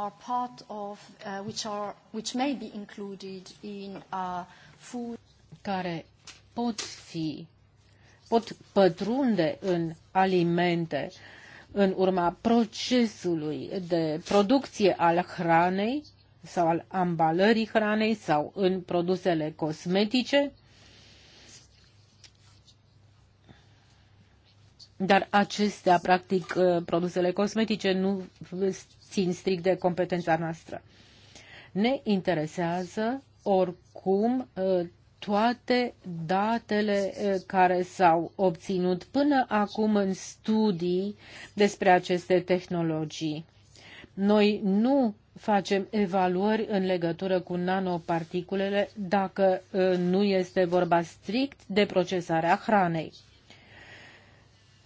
are part of, uh, which, are, which may be included in uh, food. Care pot fi, pot pătrunde în alimente în urma procesului de producție al hranei sau al ambalării hranei sau în produsele cosmetice Dar acestea, practic, uh, produsele cosmetice nu țin strict de competența noastră. Ne interesează oricum uh, toate datele uh, care s-au obținut până acum în studii despre aceste tehnologii. Noi nu facem evaluări în legătură cu nanoparticulele dacă nu este vorba strict de procesarea hranei.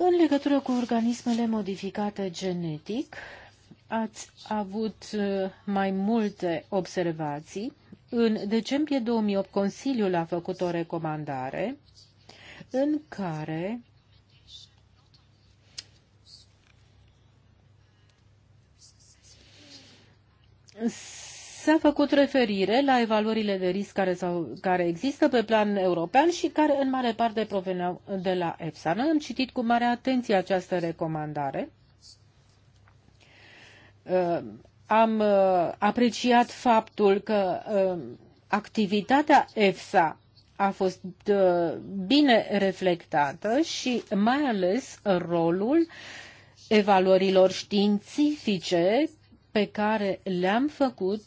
În legătură cu organismele modificate genetic, ați avut uh, mai multe observații. În decembrie 2008, Consiliul a făcut o recomandare în care S-a făcut referire la evaluările de risc care, sau, care există pe plan european și care în mare parte proveneau de la EFSA. Noi am citit cu mare atenție această recomandare. Uh, am uh, apreciat faptul că uh, activitatea EFSA a fost bine reflectată și mai ales rolul evaluărilor științifice pe care le-am făcut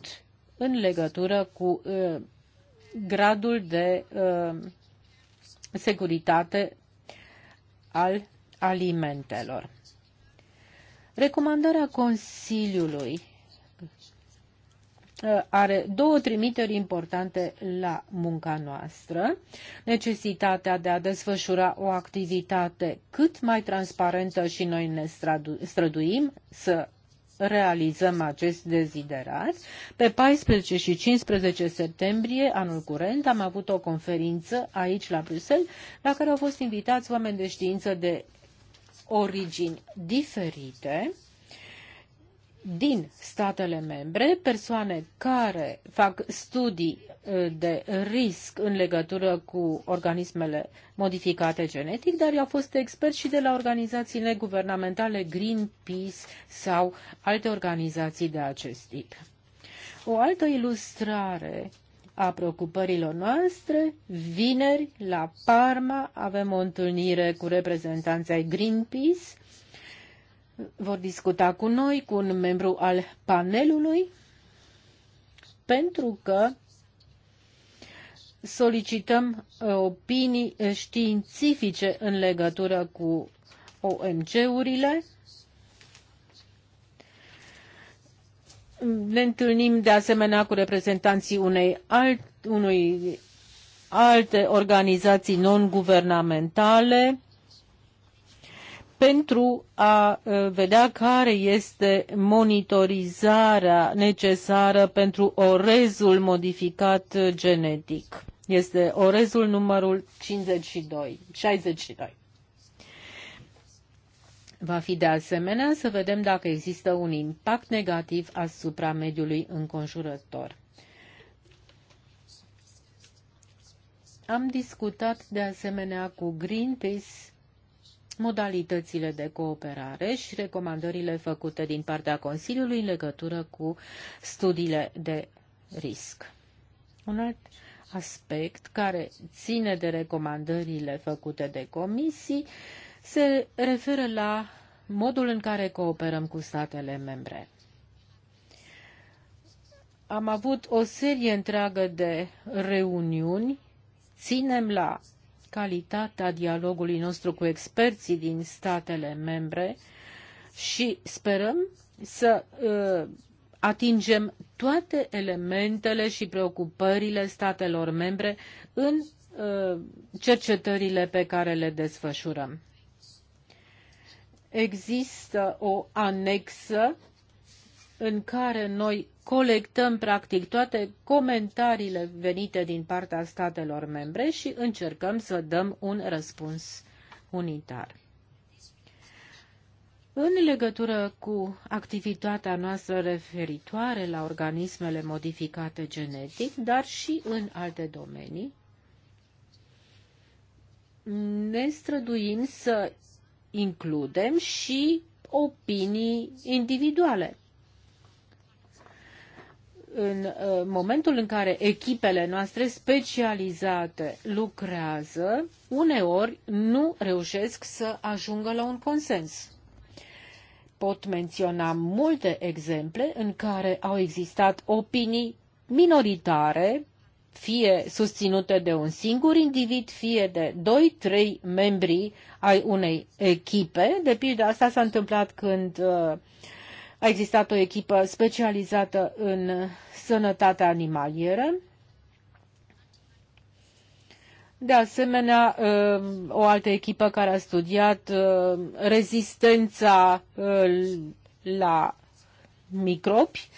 în legătură cu uh, gradul de uh, securitate al alimentelor. Recomandarea Consiliului uh, are două trimiteri importante la munca noastră. Necesitatea de a desfășura o activitate cât mai transparentă și noi ne străduim să realizăm acest deziderat. Pe 14 și 15 septembrie anul curent am avut o conferință aici la Bruxelles la care au fost invitați oameni de știință de origini diferite din statele membre, persoane care fac studii uh, de risc în legătură cu organismele modificate genetic, dar i au fost experți și de la organizațiile guvernamentale Greenpeace sau alte organizații de acest tip. O altă ilustrare a preocupărilor noastre, vineri la Parma avem o întâlnire cu reprezentanții Greenpeace vor discuta cu noi, cu un membru al panelului, pentru că solicităm uh, opinii uh, științifice în legătură cu OMG-urile. Ne întâlnim de asemenea cu reprezentanții unei alt, unui alte organizații non-guvernamentale pentru a vedea care este monitorizarea necesară pentru orezul modificat genetic. Este orezul numărul 52, 62. Va fi de asemenea să vedem dacă există un impact negativ asupra mediului înconjurător. Am discutat de asemenea cu Greenpeace modalitățile de cooperare și recomandările făcute din partea Consiliului în legătură cu studiile de risc. Un alt aspect care ține de recomandările făcute de comisii se referă la modul în care cooperăm cu statele membre. Am avut o serie întreagă de reuniuni, ținem la calitatea dialogului nostru cu experții din statele membre și sperăm să uh, atingem toate elementele și preocupările statelor membre în uh, cercetările pe care le desfășurăm. Există o anexă în care noi colectăm practic toate comentariile venite din partea statelor membre și încercăm să dăm un răspuns unitar. În legătură cu activitatea noastră referitoare la organismele modificate genetic, dar și în alte domenii, ne străduim să includem și opinii individuale în uh, momentul în care echipele noastre specializate lucrează, uneori nu reușesc să ajungă la un consens. Pot menționa multe exemple în care au existat opinii minoritare, fie susținute de un singur individ, fie de 2-3 membri ai unei echipe. De pildă, asta s-a întâmplat când uh, a existat o echipă specializată în sănătatea animalieră. De asemenea, uh, o altă echipă care a studiat uh, rezistența uh, la microbi.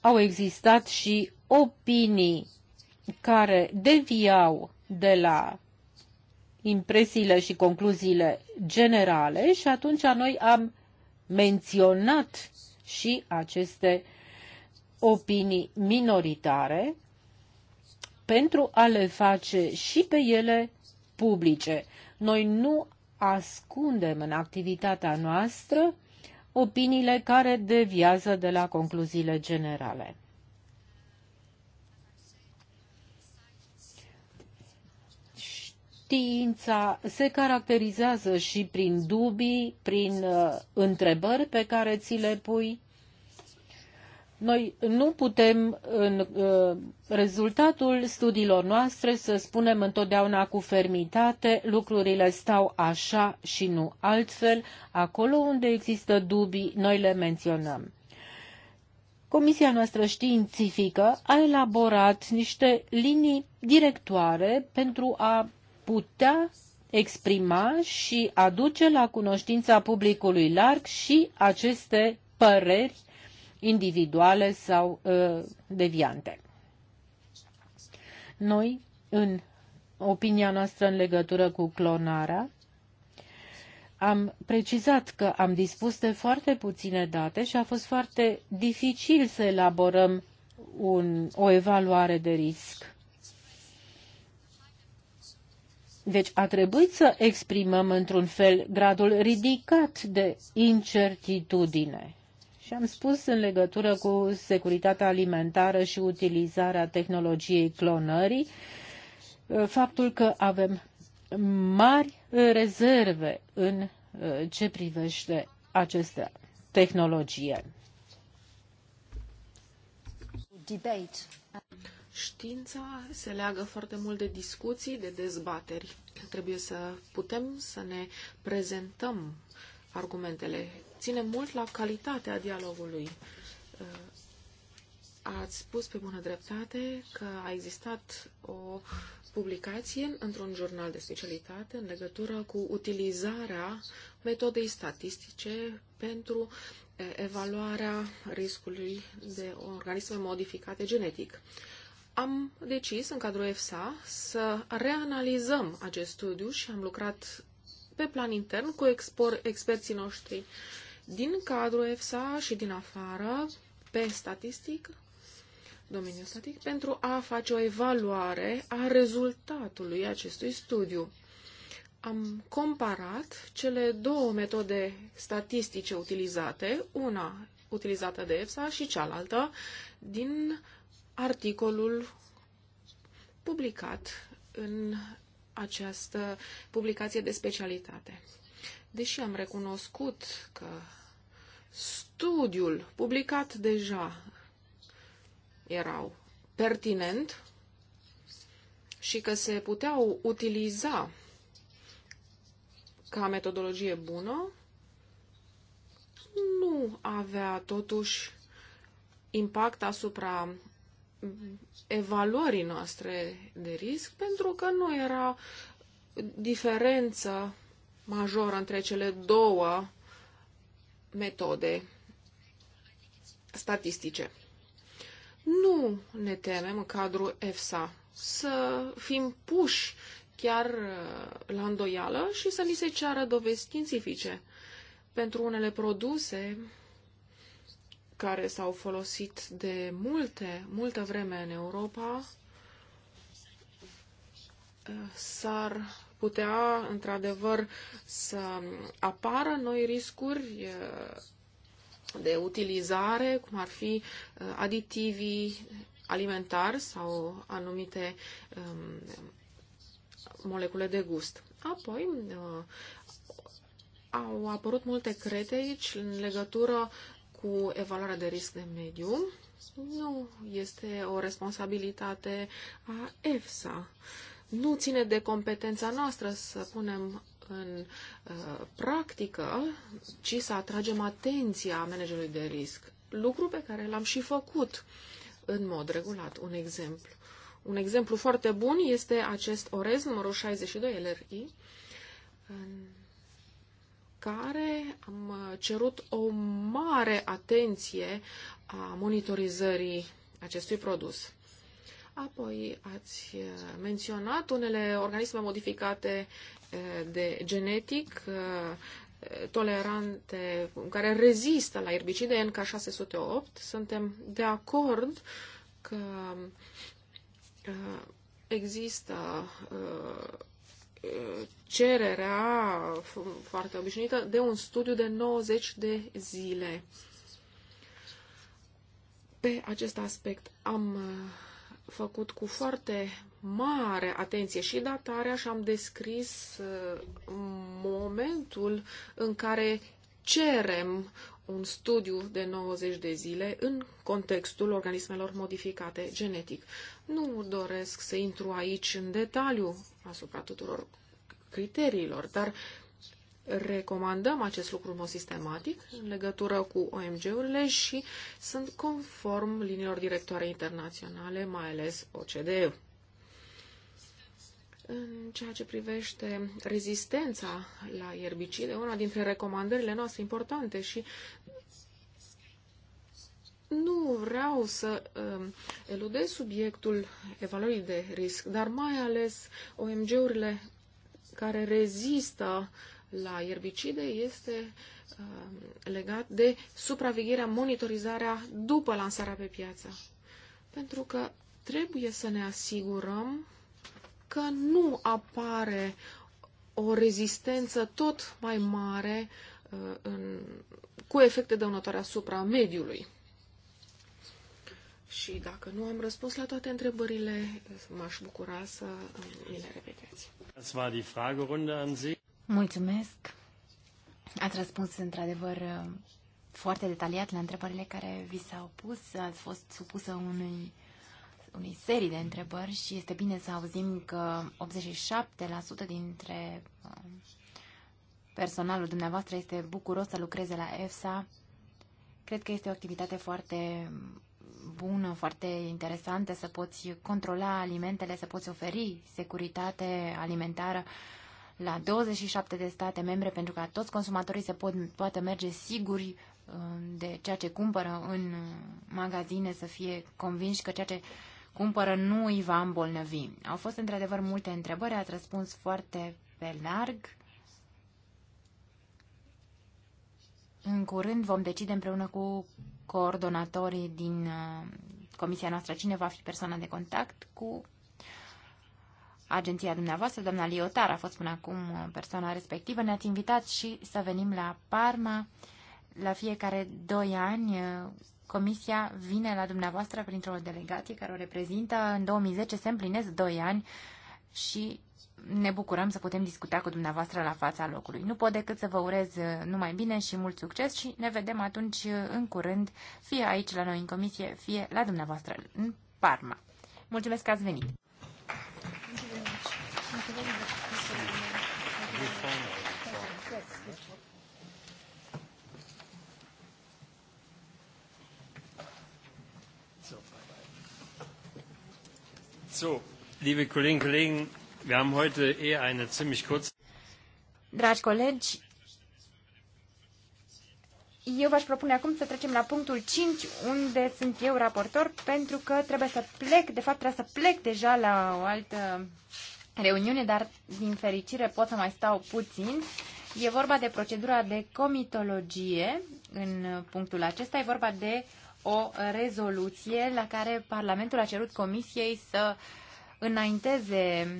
Au existat și opinii care deviau de la impresiile și concluziile generale și atunci noi am menționat și aceste opinii minoritare pentru a le face și pe ele publice. Noi nu ascundem în activitatea noastră opiniile care deviază de la concluziile generale. Știința se caracterizează și prin dubii, prin uh, întrebări pe care ți le pui. Noi nu putem, în uh, rezultatul studiilor noastre, să spunem întotdeauna cu fermitate, lucrurile stau așa și nu altfel. Acolo unde există dubii, noi le menționăm. Comisia noastră științifică a elaborat niște linii directoare pentru a putea exprima și aduce la cunoștința publicului larg și aceste păreri individuale sau uh, deviante. Noi, în opinia noastră în legătură cu clonarea, am precizat că am dispus de foarte puține date și a fost foarte dificil să elaborăm un, o evaluare de risc. Deci a trebuit să exprimăm într-un fel gradul ridicat de incertitudine. Și am spus în legătură cu securitatea alimentară și utilizarea tehnologiei clonării, uh, faptul că avem mari uh, rezerve în uh, ce privește aceste tehnologie. Debate. Știința se leagă foarte mult de discuții, de dezbateri. Trebuie să putem să ne prezentăm argumentele. Ține mult la calitatea dialogului. Uh, ați spus pe bună dreptate că a existat o publicație într-un jurnal de specialitate în legătură cu utilizarea metodei statistice pentru uh, evaluarea riscului de organisme modificate genetic am decis în cadrul EFSA să reanalizăm acest studiu și am lucrat pe plan intern cu expor, experții noștri din cadrul EFSA și din afară pe statistic, domeniul statistic pentru a face o evaluare a rezultatului acestui studiu. Am comparat cele două metode statistice utilizate, una utilizată de EFSA și cealaltă din uh, articolul publicat în această publicație de specialitate. Deși am recunoscut că studiul publicat deja erau pertinent și că se puteau utiliza ca metodologie bună, nu avea totuși impact asupra evaluării noastre de risc, pentru că nu era diferență majoră între cele două metode statistice. Nu ne temem în cadrul EFSA să fim puși chiar uh, la îndoială și să ni se ceară dovezi științifice. Pentru unele produse care s-au folosit de multe, multă vreme în Europa s-ar putea, într-adevăr, să apară noi riscuri eh, de utilizare, cum ar fi eh, aditivii alimentari sau anumite ehm, molecule de gust. Apoi, eh, au apărut multe crete aici în legătură cu evaluarea de risc de mediu nu este o responsabilitate a EFSA. Nu ține de competența noastră să punem în uh, practică, ci să atragem atenția managerului de risc. Lucru pe care l-am și făcut în mod regulat. Un exemplu. Un exemplu foarte bun este acest orez numărul 62 LRI, care am cerut o mare atenție a monitorizării acestui produs. Apoi ați menționat unele organisme modificate eh, de genetic eh, tolerante care rezistă la erbicide NK608. Suntem de acord că eh, există cererea foarte obișnuită de un studiu de 90 de zile. Pe acest aspect am uh, făcut cu foarte mare atenție și datarea și am descris uh, momentul în care cerem un studiu de 90 de zile în contextul organismelor modificate genetic. Nu doresc să intru aici în detaliu asupra tuturor criteriilor, dar recomandăm acest lucru în mod sistematic în legătură cu OMG-urile și sunt conform liniilor directoare internaționale, mai ales OCDE. În ceea ce privește rezistența la ierbicide, una dintre recomandările noastre importante și nu vreau să uh, eludez subiectul evaluării de risc, dar mai ales OMG-urile care rezistă la erbicide este uh, legat de supravegherea, monitorizarea după lansarea pe piață. Pentru că trebuie să ne asigurăm că nu apare o rezistență tot mai mare uh, în, cu efecte dăunătoare asupra mediului. Și dacă nu am răspuns la toate întrebările, m-aș bucura să mi le repetați. Mulțumesc. Ați răspuns într-adevăr foarte detaliat la întrebările care vi s-au pus. Ați fost supusă unui, unei serii de întrebări și este bine să auzim că 87% dintre um, personalul dumneavoastră este bucuros să lucreze la EFSA. Cred că este o activitate foarte bună, foarte interesantă, să poți controla alimentele, să poți oferi securitate alimentară la 27 de state membre pentru ca toți consumatorii se pot, poată merge siguri uh, de ceea ce cumpără în magazine, să fie convinși că ceea ce cumpără nu îi va îmbolnăvi. Au fost într-adevăr multe întrebări, ați răspuns foarte pe larg. În curând vom decide împreună cu coordonatorii din uh, comisia noastră cine va fi persoana de contact cu agenția dumneavoastră. Doamna Liotar a fost până acum uh, persoana respectivă. Ne-ați invitat și să venim la Parma. La fiecare doi ani uh, comisia vine la dumneavoastră printr-o delegație care o reprezintă. În 2010 se împlinesc doi ani și ne bucurăm să putem discuta cu dumneavoastră la fața locului. Nu pot decât să vă urez uh, numai bine și mult succes și ne vedem atunci uh, în curând, fie aici la noi în comisie, fie la dumneavoastră în Parma. Mulțumesc că ați venit! So, liebe Kolleginnen und Kollegen, Wir haben heute eher eine ziemlich kurze. Dragi colegi, eu v-aș propune acum să trecem la punctul 5, unde sunt eu raportor, pentru că trebuie să plec, de fapt trebuie să plec deja la o altă reuniune, dar din fericire pot să mai stau puțin. E vorba de procedura de comitologie în punctul acesta, e vorba de o rezoluție la care Parlamentul a cerut Comisiei să înainteze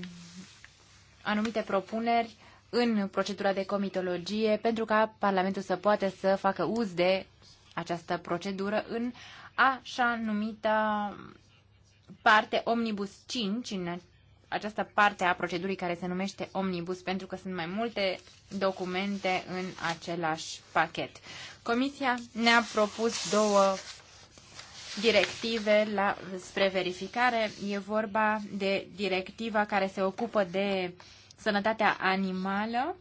anumite propuneri în procedura de comitologie pentru ca Parlamentul să poată să facă uz de această procedură în așa numită parte Omnibus 5, în această parte a procedurii care se numește Omnibus, pentru că sunt mai multe documente în același pachet. Comisia ne-a propus două directive la, spre verificare. E vorba de directiva care se ocupă de uh, sănătatea animală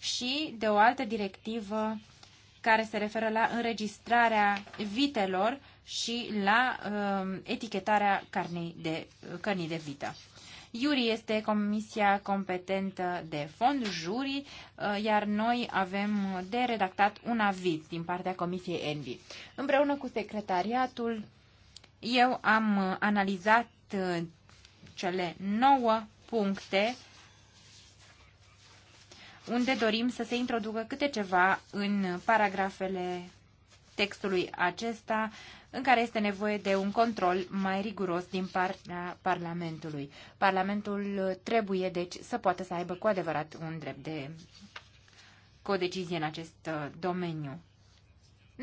și de o altă directivă care se referă la înregistrarea vitelor și la uh, etichetarea carnei de, cărnii de vită. Iuri este comisia competentă de fond, juri, uh, iar noi avem de redactat un aviz din partea comisiei Envi. Împreună cu secretariatul, eu am uh, analizat uh, cele nouă puncte unde dorim să se introducă câte ceva în paragrafele textului acesta, în care este nevoie de un control mai riguros din partea Parlamentului. Parlamentul trebuie, deci, să poată să aibă cu adevărat un drept de codecizie în acest uh, domeniu.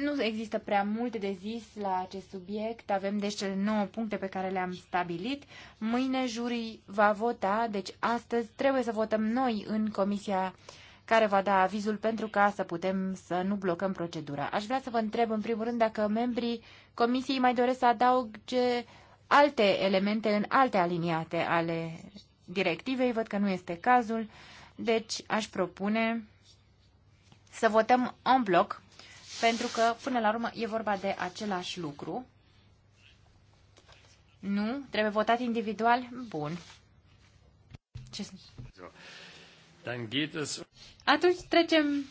Nu există prea multe de zis la acest subiect, avem deci cele 9 puncte pe care le-am stabilit. Mâine jurii va vota, deci astăzi trebuie să votăm noi în comisia care va da avizul pentru ca să putem să nu blocăm procedura. Aș vrea să vă întreb în primul rând dacă membrii comisiei mai doresc să adauge alte elemente în alte aliniate ale directivei. Văd că nu este cazul, deci aș propune să votăm în bloc pentru că, până la urmă, e vorba de același lucru. Nu? Trebuie votat individual? Bun. Ce... Atunci trecem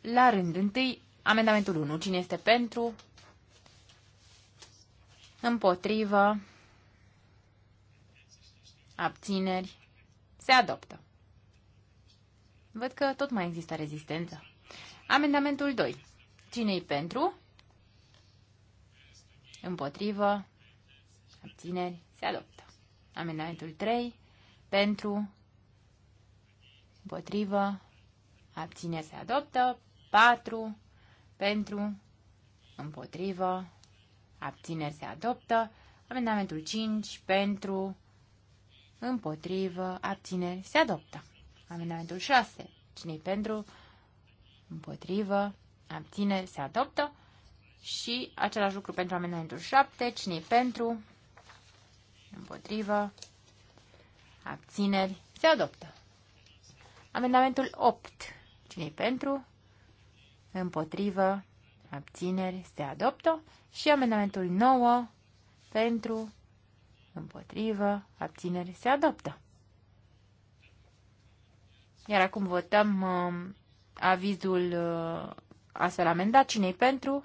la rând. Întâi, amendamentul 1. Cine este pentru? Împotrivă? Abțineri? Se adoptă. Văd că tot mai există rezistență. Amendamentul 2. Cine-i pentru? Împotrivă. Abțineri. Se adoptă. Amendamentul 3. Pentru. Împotrivă. Abțineri. Se adoptă. 4. Pentru. Împotrivă. Abțineri. Se adoptă. Amendamentul 5. Pentru. Împotrivă. Abțineri. Se adoptă. Amendamentul 6. Cine-i pentru? Împotrivă abține, se adoptă. Și același lucru pentru amendamentul 7. Cine pentru? Împotrivă. Abțineri. Se adoptă. Amendamentul 8. cine pentru? Împotrivă. Abțineri. Se adoptă. Și amendamentul 9. Pentru. Împotrivă. Abțineri. Se adoptă. Iar acum votăm uh, avizul uh, astfel amendat. cine pentru?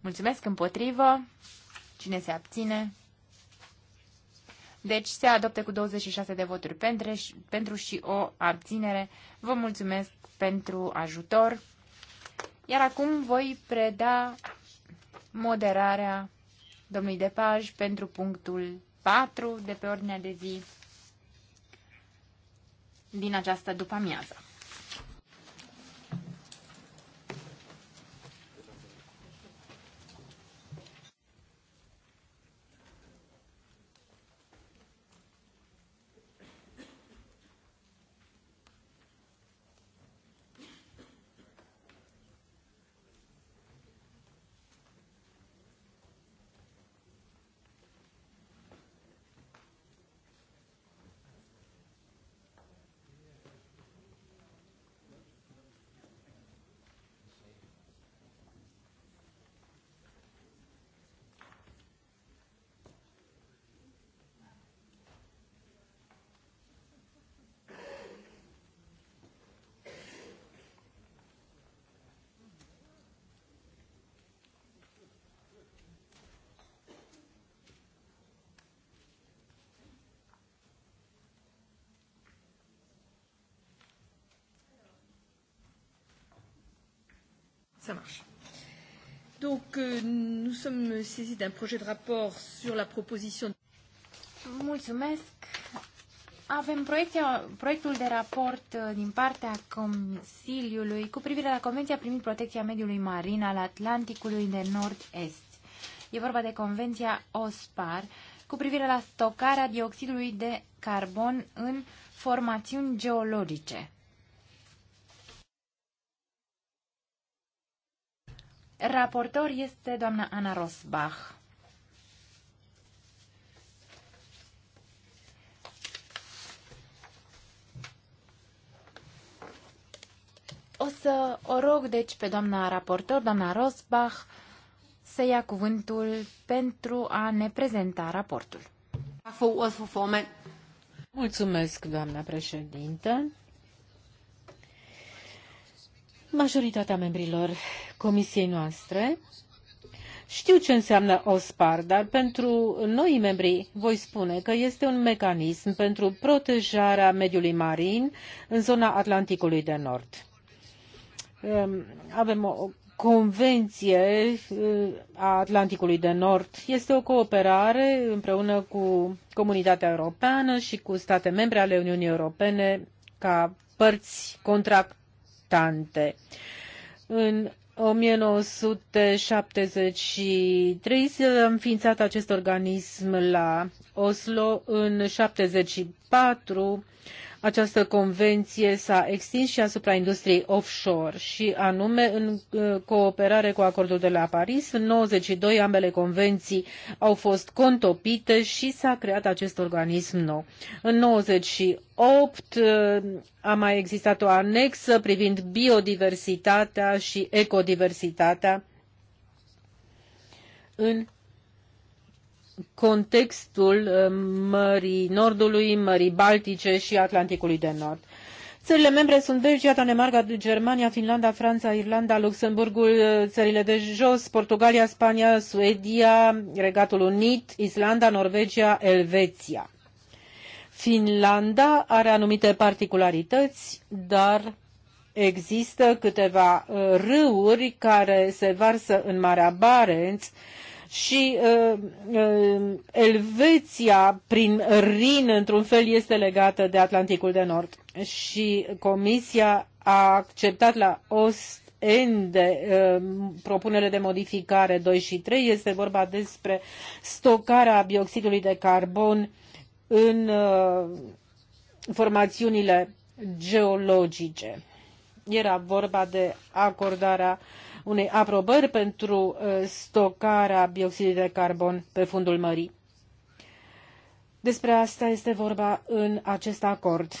Mulțumesc împotrivă. Cine se abține? Deci se adoptă cu 26 de voturi pentru, pentru și o abținere. Vă mulțumesc pentru ajutor. Iar acum voi preda moderarea domnului Depaj pentru punctul 4 de pe ordinea de zi din această după amiază. Ça marche. Donc, euh, nous sommes saisis d'un projet de rapport sur la proposition. Mulțumesc. Avem proiecte, proiectul de raport uh, din partea Consiliului cu privire la Convenția privind protecția mediului marin al Atlanticului de Nord-Est. E vorba de Convenția OSPAR cu privire la stocarea dioxidului de carbon în formațiuni geologice. Raportor este doamna Ana Rosbach. O să o rog, deci, pe doamna raportor, doamna Rosbach, să ia cuvântul pentru a ne prezenta raportul. Mulțumesc, doamna președintă. Majoritatea membrilor comisiei noastre știu ce înseamnă OSPAR, dar pentru noi membri voi spune că este un mecanism pentru protejarea mediului marin în zona Atlanticului de Nord. Ehm, avem o convenție eh, a Atlanticului de Nord. Este o cooperare împreună cu comunitatea europeană și cu state membre ale Uniunii Europene ca părți contract importante. În 1973 s-a înființat acest organism la Oslo. În 1974 această convenție s-a extins și asupra industriei offshore și anume în uh, cooperare cu acordul de la Paris. În doi ambele convenții au fost contopite și s-a creat acest organism nou. În opt uh, a mai existat o anexă privind biodiversitatea și ecodiversitatea în contextul uh, Mării Nordului, Mării Baltice și Atlanticului de Nord. Țările membre sunt Belgia, Danemarca, Germania, Finlanda, Franța, Irlanda, Luxemburgul, uh, țările de jos, Portugalia, Spania, Suedia, Regatul Unit, Islanda, Norvegia, Elveția. Finlanda are anumite particularități, dar există câteva uh, râuri care se varsă în Marea Barents, și uh, uh, Elveția prin Rin într-un fel este legată de Atlanticul de Nord și Comisia a acceptat la Ostende uh, propunere de modificare 2 și 3 este vorba despre stocarea bioxidului de carbon în uh, formațiunile geologice. Era vorba de acordarea uh, unei aprobări pentru uh, stocarea bioxidului de carbon pe fundul mării. Despre asta este vorba în acest acord.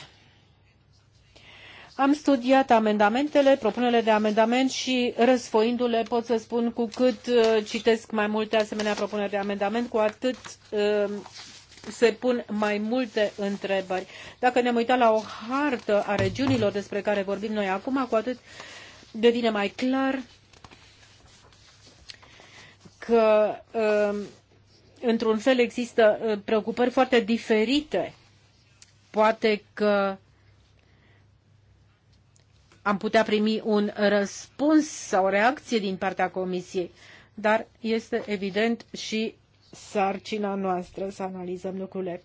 Am studiat amendamentele, propunerile de amendament și răsfoindu-le pot să spun cu cât uh, citesc mai multe asemenea propuneri de amendament, cu atât uh, se pun mai multe întrebări. Dacă ne-am uitat la o hartă a regiunilor despre care vorbim noi acum, cu atât devine mai clar că um, într-un fel există uh, preocupări foarte diferite. Poate că am putea primi un răspuns sau o reacție din partea Comisiei, dar este evident și sarcina noastră să analizăm lucrurile.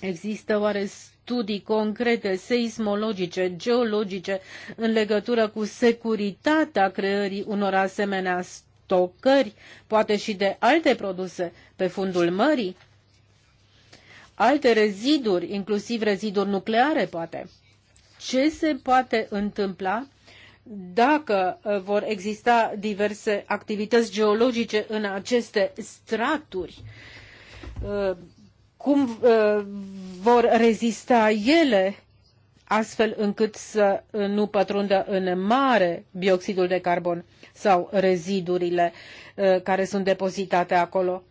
Există oare studii concrete, seismologice, geologice, în legătură cu securitatea creării unor asemenea stocări, poate și de alte produse pe fundul mării, alte reziduri, inclusiv reziduri nucleare, poate. Ce se poate întâmpla dacă uh, vor exista diverse activități geologice în aceste straturi? Uh, cum uh, vor rezista ele astfel încât să nu pătrundă în mare bioxidul de carbon sau rezidurile uh, care sunt depozitate acolo.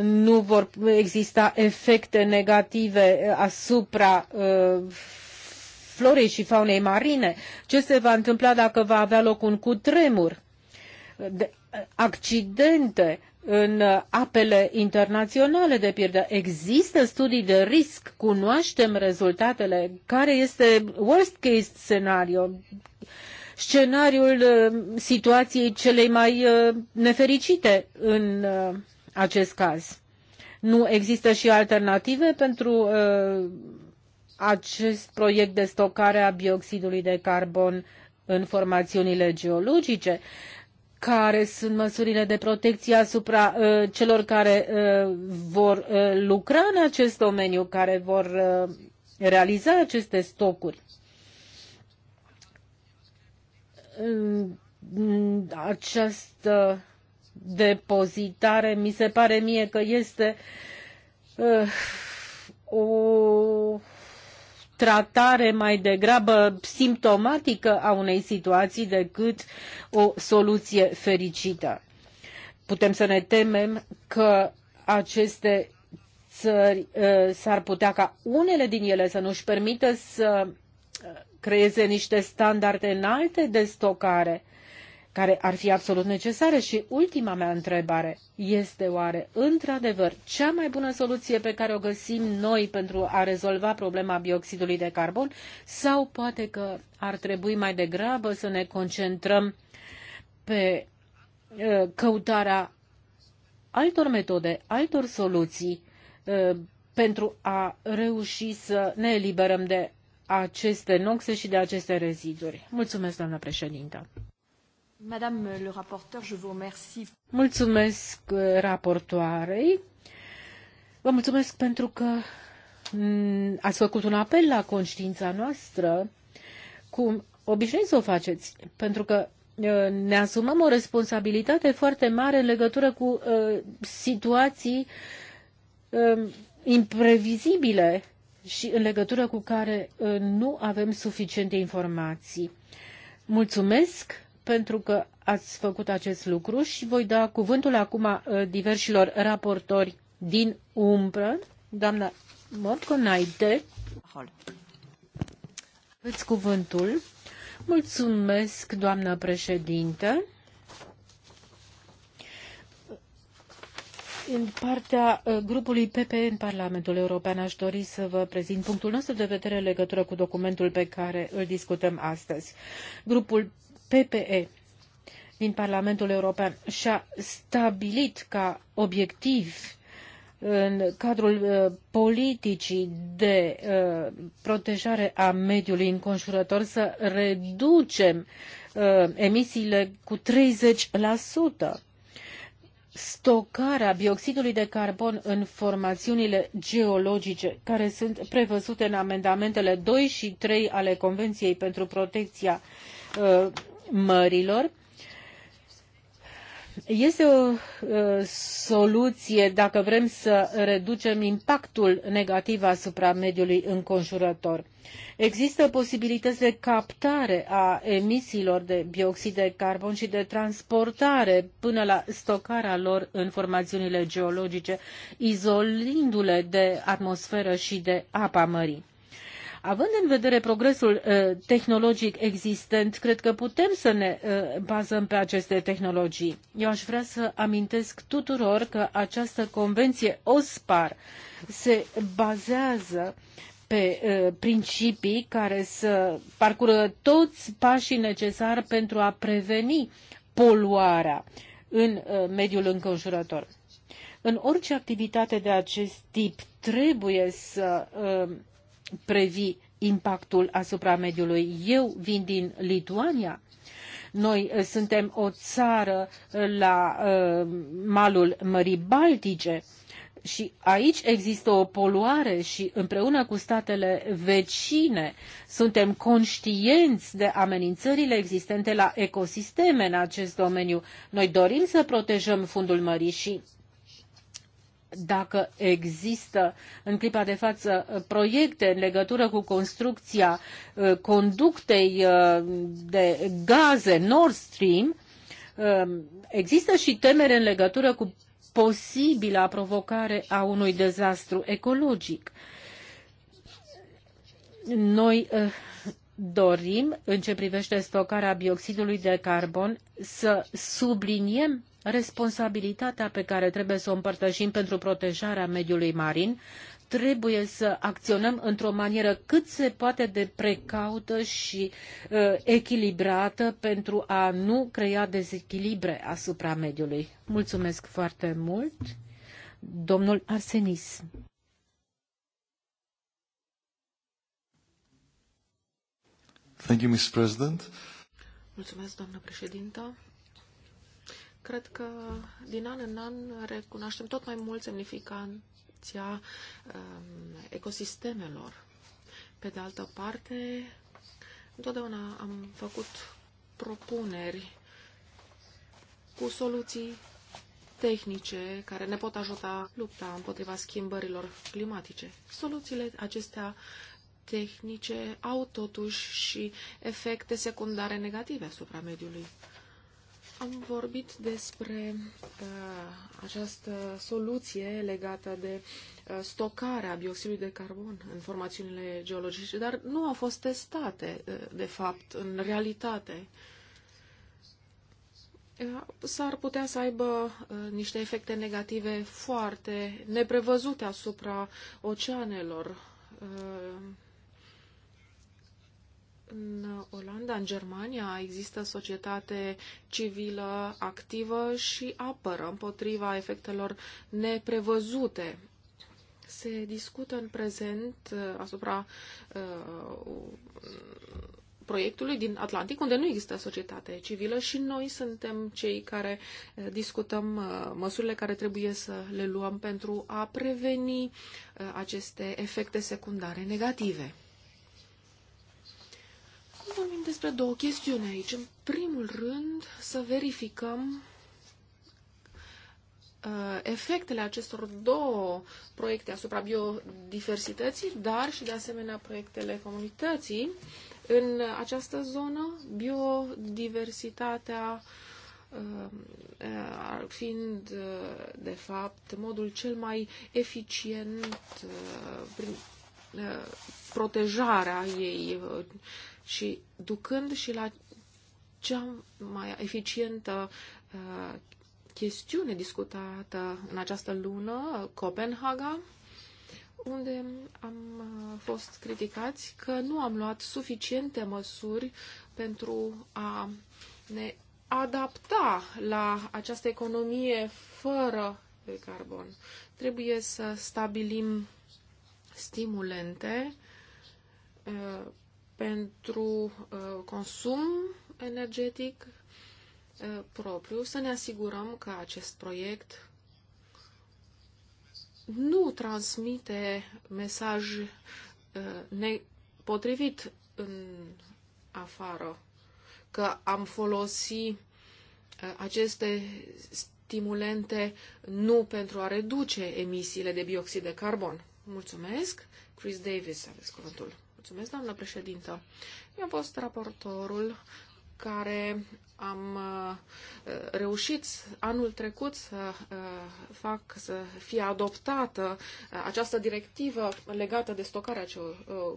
Nu vor exista efecte negative uh, asupra uh, florei și faunei marine. Ce se va întâmpla dacă va avea loc un cutremur? accidente în apele internaționale, de pildă. Există studii de risc, cunoaștem rezultatele. Care este worst case scenario? Scenariul uh, situației celei mai uh, nefericite în uh, acest caz. Nu există și alternative pentru acest proiect de stocare a bioxidului de carbon în formațiunile geologice care sunt măsurile de protecție asupra uh, celor care uh, vor uh, lucra în acest domeniu, care vor uh, realiza aceste stocuri. Mm, această depozitare mi se pare mie că este uh, o tratare mai degrabă simptomatică a unei situații decât o soluție fericită. Putem să ne temem că aceste țări uh, s-ar putea ca unele din ele să nu-și permită să uh, creeze niște standarde înalte de stocare care ar fi absolut necesare. Și ultima mea întrebare este oare, într-adevăr, cea mai bună soluție pe care o găsim noi pentru a rezolva problema bioxidului de carbon sau poate că ar trebui mai degrabă să ne concentrăm pe uh, căutarea altor metode, altor soluții uh, pentru a reuși să ne eliberăm de aceste noxe și de aceste reziduri. Mulțumesc, doamnă președintă. Madame le rapporteur, je vous remercie. Mulțumesc uh, raportoarei. Vă mulțumesc pentru că mm, ați făcut un apel la conștiința noastră, cum obișnuiți să o faceți, pentru că uh, ne asumăm o responsabilitate foarte mare în legătură cu uh, situații uh, imprevizibile și în legătură cu care uh, nu avem suficiente informații. Mulțumesc! pentru că ați făcut acest lucru și voi da cuvântul acum uh, diversilor raportori din umbră. Doamna Morconaite, aveți cuvântul. Mulțumesc, doamna președinte. În partea uh, grupului PPE în Parlamentul European aș dori să vă prezint punctul nostru de vedere în legătură cu documentul pe care îl discutăm astăzi. Grupul PPE din Parlamentul European și-a stabilit ca obiectiv în cadrul uh, politicii de uh, protejare a mediului înconjurător să reducem uh, emisiile cu 30%. Stocarea bioxidului de carbon în formațiunile geologice, care sunt prevăzute în amendamentele 2 și 3 ale Convenției pentru protecția mărilor. Este o uh, soluție dacă vrem să reducem impactul negativ asupra mediului înconjurător. Există posibilități de captare a emisiilor de bioxid de carbon și de transportare până la stocarea lor în formațiunile geologice, izolindu-le de atmosferă și de apa mării. Având în vedere progresul uh, tehnologic existent, cred că putem să ne uh, bazăm pe aceste tehnologii. Eu aș vrea să amintesc tuturor că această convenție OSPAR se bazează pe uh, principii care să parcură toți pașii necesari pentru a preveni poluarea în mediul înconjurător. În orice activitate de acest tip trebuie să previ impactul asupra mediului. Eu vin din Lituania. Noi eh, suntem o țară eh, la eh, malul Mării Baltice și aici există o poluare și împreună cu statele vecine suntem conștienți de amenințările existente la ecosisteme în acest domeniu. Noi dorim să protejăm fundul mării și dacă există în clipa de față uh, proiecte în legătură cu construcția uh, conductei uh, de gaze Nord Stream, există și temere în legătură cu posibila provocare a unui dezastru ecologic. Noi dorim, în ce privește stocarea bioxidului de carbon, să subliniem responsabilitatea pe care trebuie să o împărtășim pentru protejarea mediului marin, trebuie să acționăm într-o manieră cât se poate de precaută și uh, echilibrată pentru a nu crea dezechilibre asupra mediului. Mulțumesc foarte mult, domnul Arsenis. Thank you, Ms. President. Mulțumesc, doamnă președintă. Cred că din an în an recunoaștem tot mai mult semnificația um, ecosistemelor. Pe de altă parte, întotdeauna am făcut propuneri cu soluții tehnice care ne pot ajuta lupta împotriva schimbărilor climatice. Soluțiile acestea tehnice au totuși și efecte secundare negative asupra mediului. Am vorbit despre uh, această soluție legată de uh, stocarea bioxidului de carbon în formațiunile geologice, dar nu au fost testate, uh, de fapt, în realitate. Uh, S-ar putea să aibă uh, niște efecte negative foarte neprevăzute asupra oceanelor. Uh, în Olanda, în Germania, există societate civilă activă și apără împotriva efectelor neprevăzute. Se discută în prezent uh, asupra uh, proiectului din Atlantic, unde nu există societate civilă și noi suntem cei care uh, discutăm uh, măsurile care trebuie să le luăm pentru a preveni aceste efecte secundare negative vorbim despre două chestiuni aici. În primul rând, să verificăm uh, efectele acestor două proiecte asupra biodiversității, dar și de asemenea proiectele comunității. În această zonă, biodiversitatea uh, uh, fiind uh, de fapt modul cel mai eficient uh, prin uh, protejarea ei și ducând și la cea mai eficientă uh, chestiune discutată în această lună, Copenhaga, unde am uh, fost criticați că nu am luat suficiente măsuri pentru a ne adapta la această economie fără carbon. Trebuie să stabilim stimulente uh, pentru uh, consum energetic uh, propriu, să ne asigurăm că acest proiect nu transmite mesaj uh, nepotrivit în afară, că am folosit aceste stimulente nu pentru a reduce emisiile de bioxid de carbon. Mulțumesc. Chris Davis, aveți cuvântul. Mulțumesc, doamna președintă. Eu am fost raportorul care am uh, reușit anul trecut să uh, fac să fie adoptată uh, această directivă legată de stocarea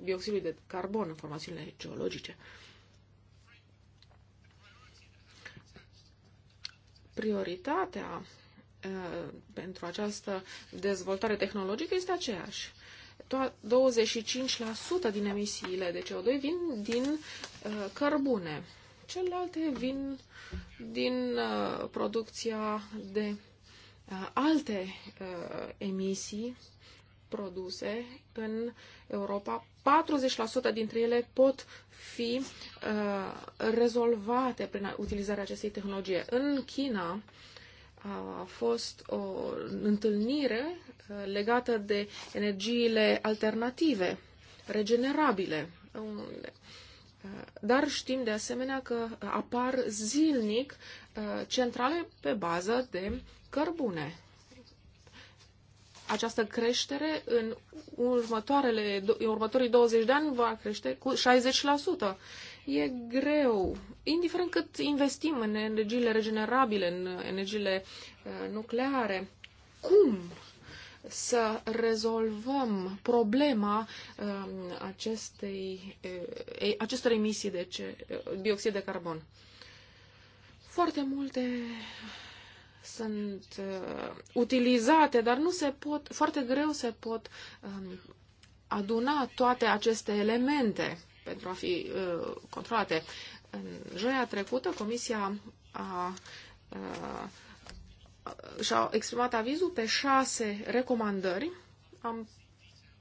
dioxidului de carbon în formațiunile geologice. Prioritatea pentru această dezvoltare tehnologică este aceeași 25% din emisiile de CO2 vin din uh, cărbune. Celelalte vin din uh, producția de uh, alte uh, emisii produse în Europa. 40% dintre ele pot fi uh, rezolvate prin utilizarea acestei tehnologie. În China, a fost o întâlnire legată de energiile alternative, regenerabile. Dar știm de asemenea că apar zilnic centrale pe bază de cărbune. Această creștere în următoarele, în următorii 20 de ani va crește cu 60% e greu. Indiferent cât investim în energiile regenerabile, în energiile uh, nucleare, cum să rezolvăm problema um, acestei, uh, acestor emisii de ce, uh, dioxid de carbon. Foarte multe sunt uh, utilizate, dar nu se pot, foarte greu se pot um, aduna toate aceste elemente pentru a fi uh, controlate. În joia trecută, Comisia a, uh, și-a exprimat avizul pe șase recomandări. Am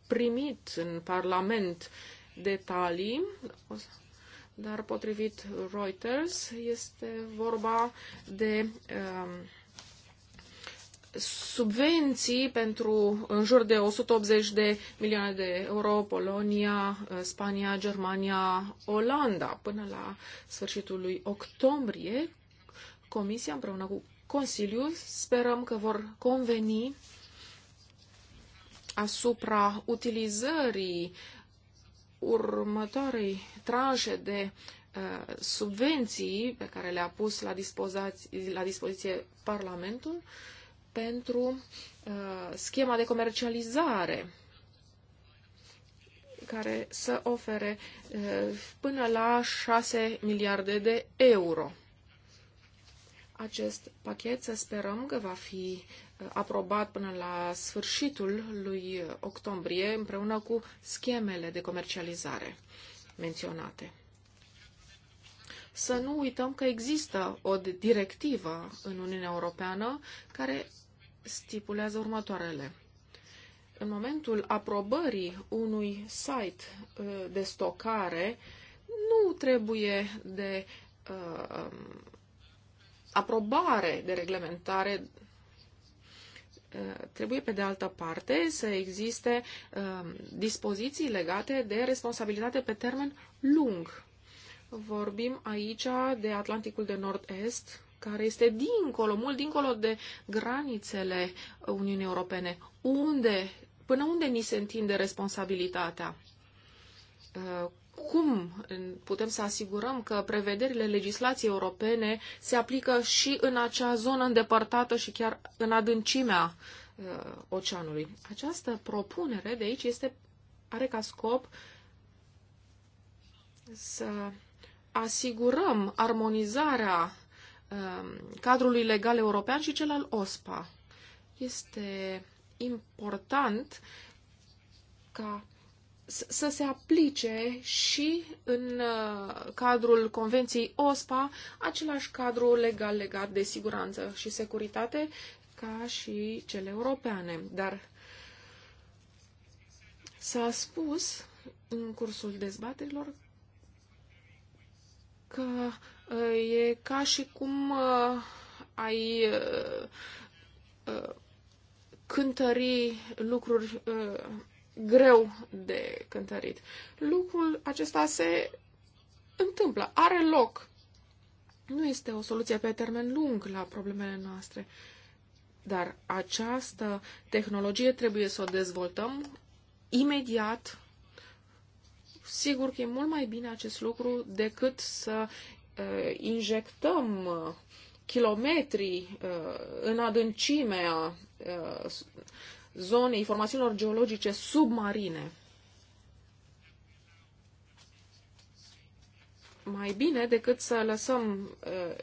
primit în Parlament detalii, dar potrivit Reuters este vorba de uh, subvenții pentru în jur de 180 de milioane de euro Polonia, eh, Spania, Germania, Olanda până la sfârșitul lui octombrie. Comisia împreună cu Consiliul sperăm că vor conveni asupra utilizării următoarei tranșe de uh, subvenții pe care le-a pus la, la dispoziție Parlamentul uh, pentru uh, schema de comercializare care să ofere uh, până la 6 miliarde de euro. Acest pachet să sperăm că va fi uh, aprobat până la sfârșitul lui octombrie împreună cu schemele de comercializare menționate. Să nu uităm că există o directivă în Uniunea Europeană care stipulează următoarele. În momentul aprobării unui site uh, de stocare, nu trebuie de uh, aprobare de reglementare uh, trebuie pe de altă parte să existe uh, dispoziții legate de responsabilitate pe termen lung. Vorbim aici de Atlanticul de Nord-Est, care este dincolo, mult dincolo de granițele Uniunii Europene. Unde, până unde ni se întinde responsabilitatea? Uh, cum putem să asigurăm că prevederile legislației europene se aplică și în acea zonă îndepărtată și chiar în adâncimea uh, oceanului? Această propunere de aici este, are ca scop să asigurăm armonizarea Um, cadrului legal european și cel al OSPA. Este important ca să se aplice și în uh, cadrul Convenției OSPA același cadru legal legat de siguranță și securitate ca și cele europene. Dar s-a spus în cursul dezbaterilor că E ca și cum uh, ai uh, uh, cântări lucruri greu de cântărit. Lucrul acesta se întâmplă, are loc. Nu este o soluție pe termen lung la problemele noastre, dar această tehnologie trebuie să o dezvoltăm imediat. Sigur că e mult mai bine acest lucru decât să Uh, injectăm uh, kilometri uh, în adâncimea zonei formațiilor geologice submarine. Mai bine decât să lăsăm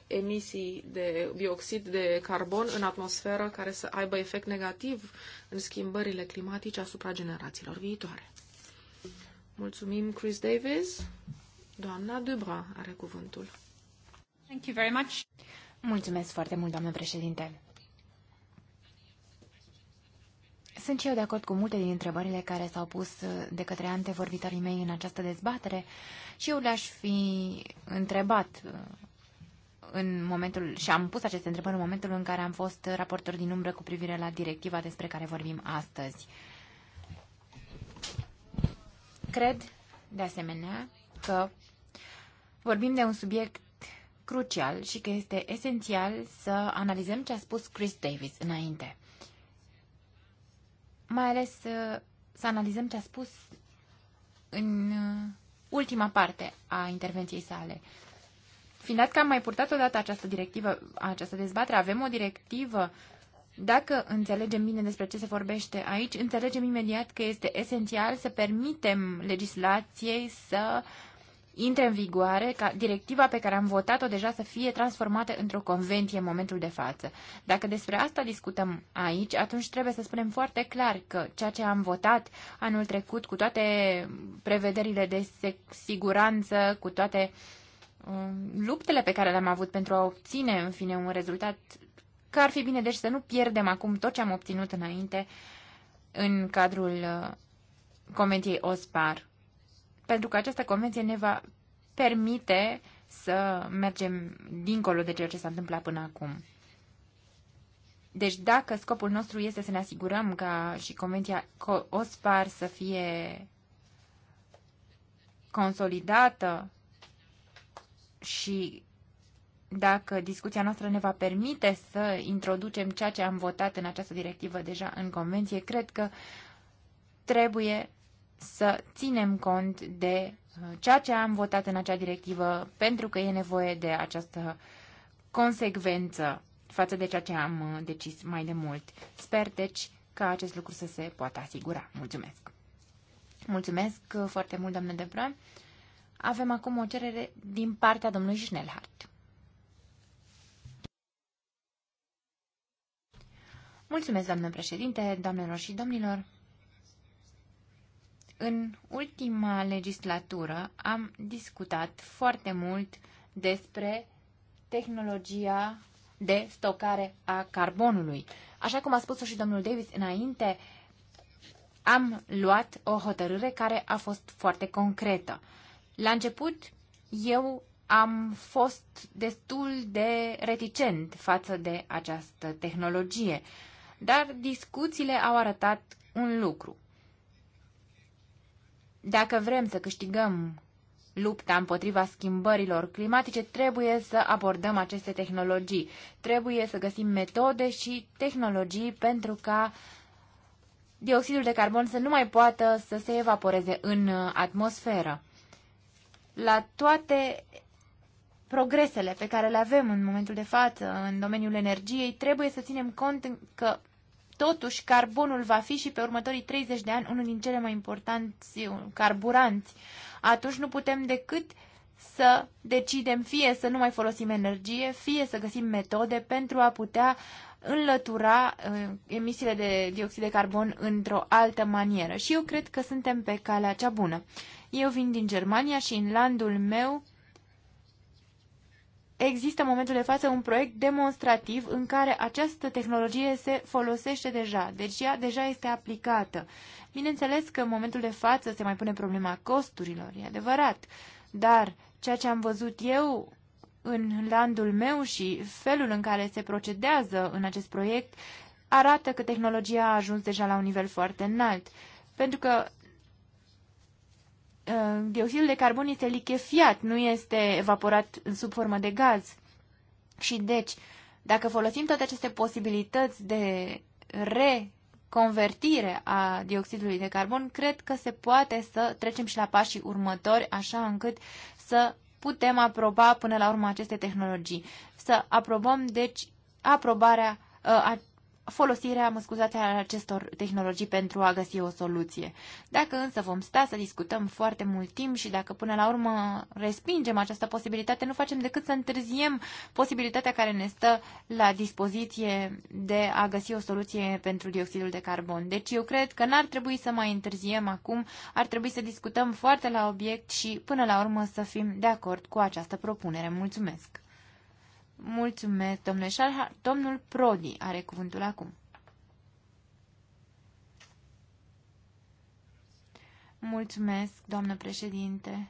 emisii de bioxid de carbon în atmosferă care să aibă efect negativ în schimbările climatice asupra generațiilor viitoare. Mulțumim, Chris Davis. Doamna Dubra are cuvântul. Thank you very much. Mulțumesc foarte mult, doamnă președinte. Sunt și eu de acord cu multe din întrebările care s-au pus uh, de către antevorbitorii mei în această dezbatere și eu le-aș fi întrebat uh, în momentul, și am pus aceste întrebări în momentul în care am fost raportor din umbră cu privire la directiva despre care vorbim astăzi. Cred, de asemenea, că vorbim de un subiect crucial și că este esențial să analizăm ce a spus Chris Davis înainte. Mai ales uh, să analizăm ce a spus în uh, ultima parte a intervenției sale. Fiind dat că am mai purtat odată această directivă, această dezbatere, avem o directivă, dacă înțelegem bine despre ce se vorbește aici, înțelegem imediat că este esențial să permitem legislației să uh, intre în vigoare, ca directiva pe care am votat-o deja să fie transformată într-o convenție în momentul de față. Dacă despre asta discutăm aici, atunci trebuie să spunem foarte clar că ceea ce am votat anul trecut, cu toate prevederile de siguranță, cu toate um, luptele pe care le-am avut pentru a obține, în fine, un rezultat, că ar fi bine, deci, să nu pierdem acum tot ce am obținut înainte în cadrul uh, Convenției OSPAR pentru că această convenție ne va permite să mergem dincolo de ceea ce s-a întâmplat până acum. Deci dacă scopul nostru este să ne asigurăm ca și convenția OSPAR să fie consolidată și dacă discuția noastră ne va permite să introducem ceea ce am votat în această directivă deja în convenție, cred că trebuie să ținem cont de uh, ceea ce am votat în acea directivă, pentru că e nevoie de această consecvență față de ceea ce am uh, decis mai de mult. Sper, deci, că acest lucru să se poată asigura. Mulțumesc! Mulțumesc uh, foarte mult, doamnă Debra. Avem acum o cerere din partea domnului Schnellhardt. Mulțumesc, doamnă președinte, doamnelor și domnilor. În ultima legislatură am discutat foarte mult despre tehnologia de stocare a carbonului. Așa cum a spus-o și domnul Davis înainte, am luat o hotărâre care a fost foarte concretă. La început, eu am fost destul de reticent față de această tehnologie, dar discuțiile au arătat un lucru. Dacă vrem să câștigăm lupta împotriva schimbărilor climatice, trebuie să abordăm aceste tehnologii. Trebuie să găsim metode și tehnologii pentru ca dioxidul de carbon să nu mai poată să se evaporeze în atmosferă. La toate progresele pe care le avem în momentul de față în domeniul energiei, trebuie să ținem cont că Totuși, carbonul va fi și pe următorii 30 de ani unul din cele mai importanți carburanți. Atunci nu putem decât să decidem fie să nu mai folosim energie, fie să găsim metode pentru a putea înlătura uh, emisiile de dioxid de carbon într-o altă manieră. Și eu cred că suntem pe calea cea bună. Eu vin din Germania și în landul meu Există în momentul de față un proiect demonstrativ în care această tehnologie se folosește deja, deci ea deja este aplicată. Bineînțeles că în momentul de față se mai pune problema costurilor, e adevărat, dar ceea ce am văzut eu în landul meu și felul în care se procedează în acest proiect arată că tehnologia a ajuns deja la un nivel foarte înalt. Pentru că Uh, dioxidul de carbon este lichefiat, nu este evaporat sub formă de gaz. Și deci, dacă folosim toate aceste posibilități de reconvertire a dioxidului de carbon, cred că se poate să trecem și la pașii următori, așa încât să putem aproba până la urmă aceste tehnologii. Să aprobăm, deci, aprobarea, uh, folosirea, mă scuzați, a acestor tehnologii pentru a găsi o soluție. Dacă însă vom sta să discutăm foarte mult timp și dacă până la urmă respingem această posibilitate, nu facem decât să întârziem posibilitatea care ne stă la dispoziție de a găsi o soluție pentru dioxidul de carbon. Deci eu cred că n-ar trebui să mai întârziem acum, ar trebui să discutăm foarte la obiect și până la urmă să fim de acord cu această propunere. Mulțumesc! Mulțumesc, domnule Șarha. Domnul Prodi are cuvântul acum. Mulțumesc, doamnă președinte.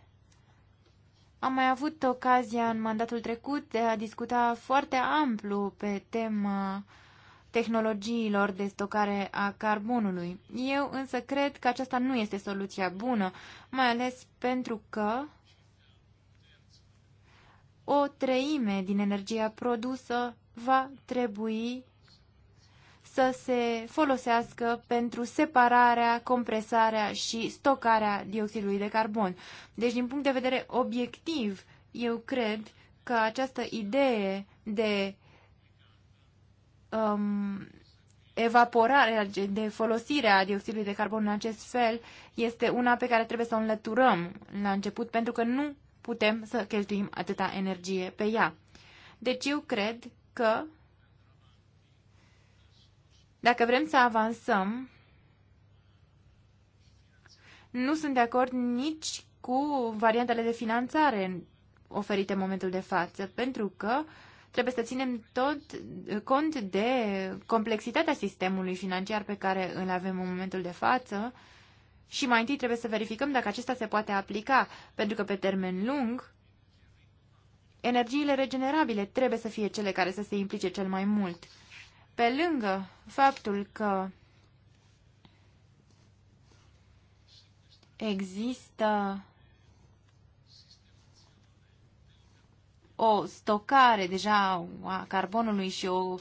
Am mai avut ocazia în mandatul trecut de a discuta foarte amplu pe tema tehnologiilor de stocare a carbonului. Eu însă cred că aceasta nu este soluția bună, mai ales pentru că o treime din energia produsă va trebui să se folosească pentru separarea, compresarea și stocarea dioxidului de carbon. Deci, din punct de vedere obiectiv, eu cred că această idee de um, evaporare, de folosirea dioxidului de carbon în acest fel, este una pe care trebuie să o înlăturăm la început, pentru că nu putem să cheltuim atâta energie pe ea. Deci eu cred că dacă vrem să avansăm, nu sunt de acord nici cu variantele de finanțare oferite în momentul de față, pentru că trebuie să ținem tot cont de complexitatea sistemului financiar pe care îl avem în momentul de față, și mai întâi trebuie să verificăm dacă acesta se poate aplica, pentru că pe termen lung, energiile regenerabile trebuie să fie cele care să se implice cel mai mult. Pe lângă faptul că există o stocare deja a carbonului și o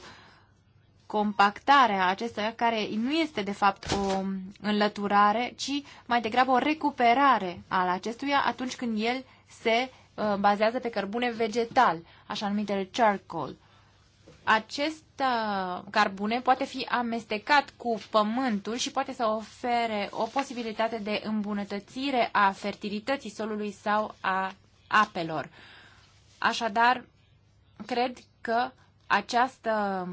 compactarea acestora, care nu este de fapt o înlăturare, ci mai degrabă o recuperare al acestuia atunci când el se uh, bazează pe cărbune vegetal, așa numitele charcoal. Acest uh, carbune poate fi amestecat cu pământul și poate să ofere o posibilitate de îmbunătățire a fertilității solului sau a apelor. Așadar, cred că această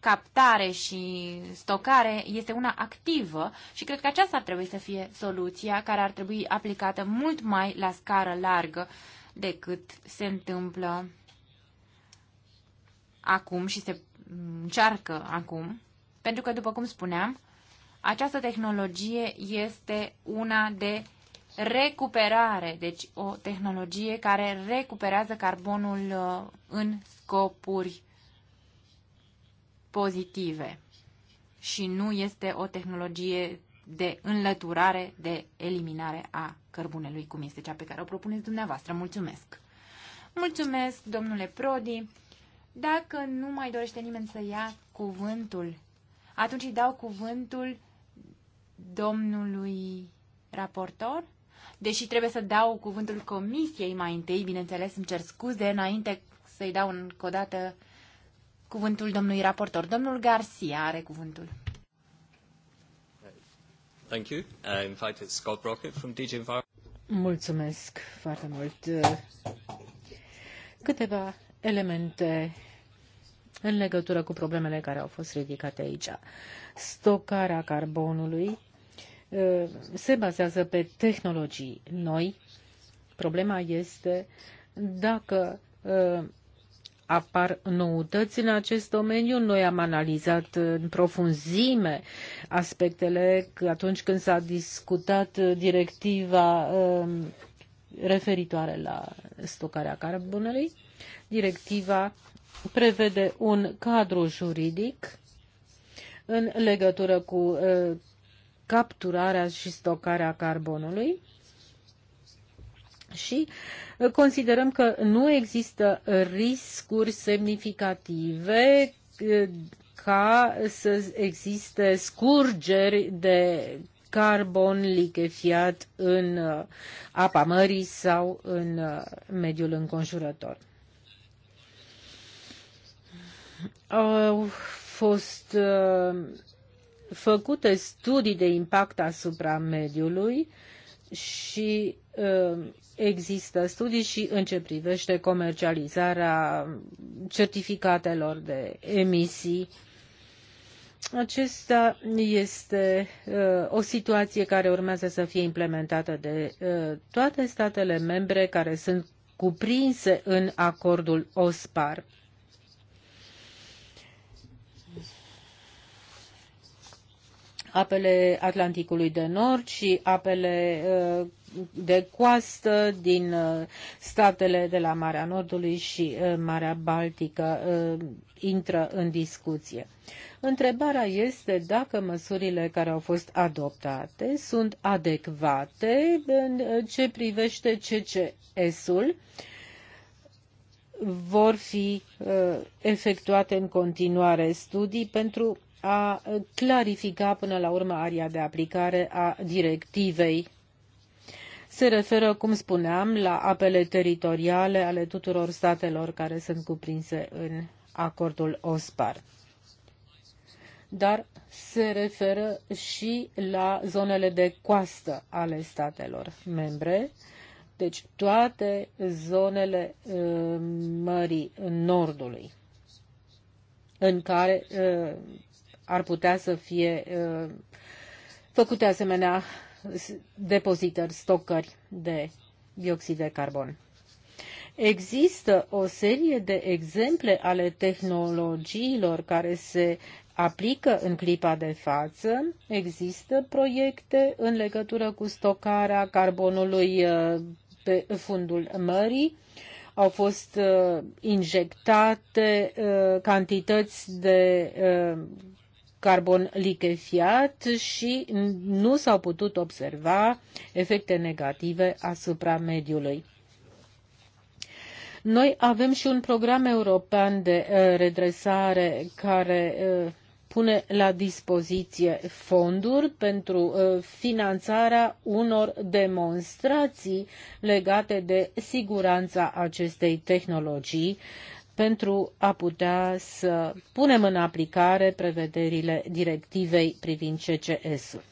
captare și stocare este una activă și cred că aceasta ar trebui să fie soluția care ar trebui aplicată mult mai la scară largă decât se întâmplă acum și se încearcă acum, pentru că, după cum spuneam, această tehnologie este una de recuperare, deci o tehnologie care recuperează carbonul uh, în scopuri pozitive și nu este o tehnologie de înlăturare, de eliminare a cărbunelui, cum este cea pe care o propuneți dumneavoastră. Mulțumesc! Mulțumesc, domnule Prodi! Dacă nu mai dorește nimeni să ia cuvântul, atunci îi dau cuvântul domnului raportor, deși trebuie să dau cuvântul comisiei mai întâi, bineînțeles, îmi cer scuze înainte să-i dau încă o dată cuvântul domnului raportor. Domnul Garcia are cuvântul. Thank you. Uh, in fact, it's Scott Brockett from DG Mulțumesc foarte mult. Câteva elemente în legătură cu problemele care au fost ridicate aici. Stocarea carbonului uh, se bazează pe tehnologii noi. Problema este dacă uh, apar noutăți în acest domeniu. Noi am analizat în profunzime aspectele atunci când s-a discutat directiva um, referitoare la stocarea carbonului. Directiva prevede un cadru juridic în legătură cu uh, capturarea și stocarea carbonului și uh, considerăm că nu există riscuri semnificative uh, ca să existe scurgeri de carbon lichefiat în uh, apa mării sau în mediul înconjurător. Au fost făcute studii de impact asupra mediului și Ă, există studii și în ce privește comercializarea certificatelor de emisii. Acesta este ă, o situație care urmează să fie implementată de ă, toate statele membre care sunt cuprinse în acordul OSPAR. apele Atlanticului de Nord și apele de coastă din uh, statele de la Marea Nordului și uh, Marea Baltică uh, intră în discuție. Întrebarea este dacă măsurile care au fost adoptate sunt adecvate în ce privește CCS-ul vor fi efectuate în continuare studii pentru a clarifica până la urmă aria de aplicare a directivei se referă, cum spuneam, la apele teritoriale ale tuturor statelor care sunt cuprinse în acordul OSPAR dar se referă și la zonele de coastă ale statelor membre, deci toate zonele uh, Mării Nordului, în care uh, ar putea să fie uh, făcute asemenea depozitări, stocări de dioxid de carbon. Există o serie de exemple ale tehnologiilor care se aplică în clipa de față. Există proiecte în legătură cu stocarea carbonului uh, pe fundul mării. Au fost uh, injectate uh, cantități de carbon lichefiat și nu s-au putut observa efecte negative asupra mediului. Noi avem și un program european de uh, redresare care uh, pune la dispoziție fonduri pentru uh, finanțarea unor demonstrații legate de siguranța acestei tehnologii pentru a putea să punem în aplicare prevederile directivei privind CCS-ul.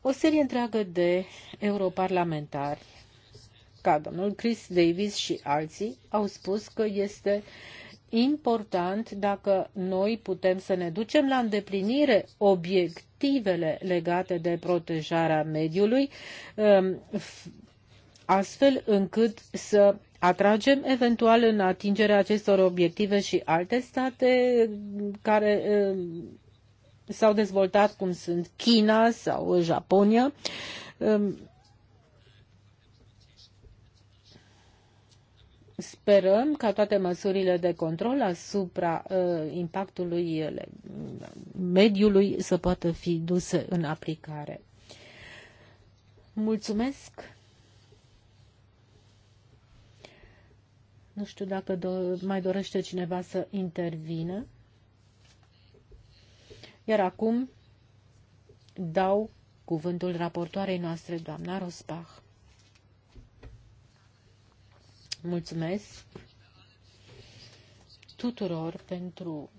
O serie întreagă de europarlamentari, ca domnul Chris Davis și alții, au spus că este important dacă noi putem să ne ducem la îndeplinire obiectivele legate de protejarea mediului, um, astfel încât să atragem eventual în atingerea acestor obiective și alte state care eh, s-au dezvoltat, cum sunt China sau Japonia. Ehm, sperăm ca toate măsurile de control asupra uh, impactului ele, mediului să poată fi duse în aplicare. Mulțumesc! Nu știu dacă do- mai dorește cineva să intervină. Iar acum dau cuvântul raportoarei noastre, doamna Rosbach. Mulțumesc tuturor pentru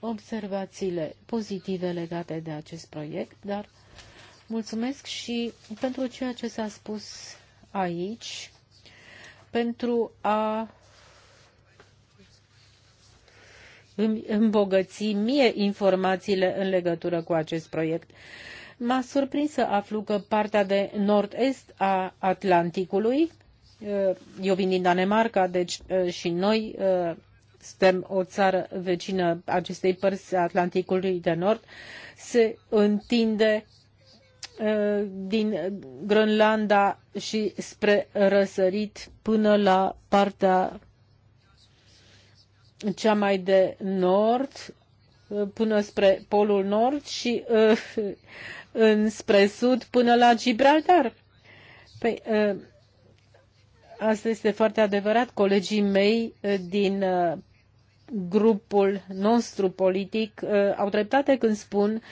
observațiile pozitive legate de acest proiect, dar mulțumesc și pentru ceea ce s-a spus aici pentru a îmbogăți mie informațiile în legătură cu acest proiect. M-a surprins să aflu că partea de nord-est a Atlanticului, eh, eu vin din Danemarca, deci eh, și noi eh, suntem o țară vecină acestei părți a Atlanticului de Nord, se întinde Uh, din Groenlanda și spre răsărit până la partea cea mai de nord, uh, până spre Polul Nord și uh, spre sud până la Gibraltar. Păi, asta este foarte adevărat. Colegii mei din grupul nostru politic au dreptate când spun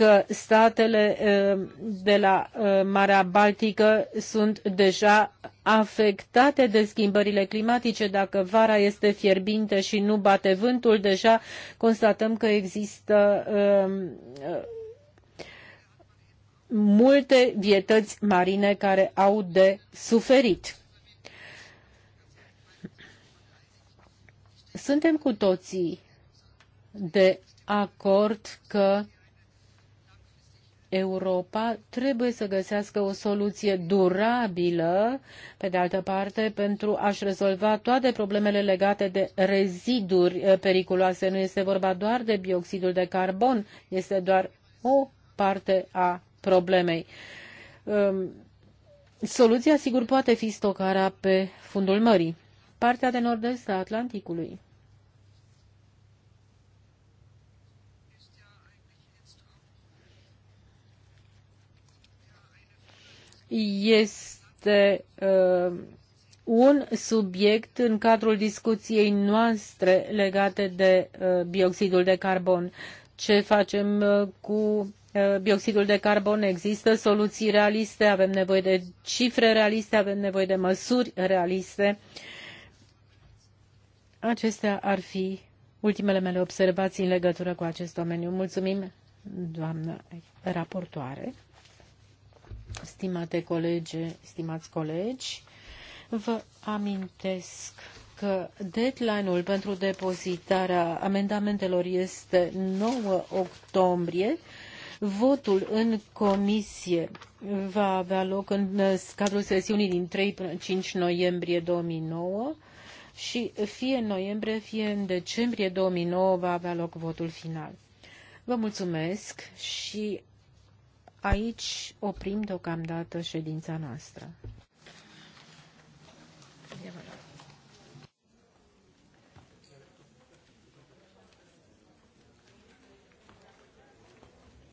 că statele de la Marea Baltică sunt deja afectate de schimbările climatice. Dacă vara este fierbinte și nu bate vântul, deja constatăm că există multe vietăți marine care au de suferit. Suntem cu toții de acord că Europa trebuie să găsească o soluție durabilă, pe de altă parte, pentru a-și rezolva toate problemele legate de reziduri eh, periculoase. Nu este vorba doar de bioxidul de carbon, este doar o parte a problemei. Ehm, soluția, sigur, poate fi stocarea pe fundul mării, partea de nord-est a Atlanticului. este uh, un subiect în cadrul discuției noastre legate de uh, bioxidul de carbon. Ce facem uh, cu uh, bioxidul de carbon? Există soluții realiste, avem nevoie de cifre realiste, avem nevoie de măsuri realiste. Acestea ar fi ultimele mele observații în legătură cu acest domeniu. Mulțumim, doamnă raportoare. Stimate colegi, stimați colegi, vă amintesc că deadline-ul pentru depozitarea amendamentelor este 9 octombrie. Votul în comisie va avea loc în uh, cadrul sesiunii din 3 5 noiembrie 2009 și fie în noiembrie, fie în decembrie 2009 va avea loc votul final. Vă mulțumesc și aici oprim deocamdată ședința noastră.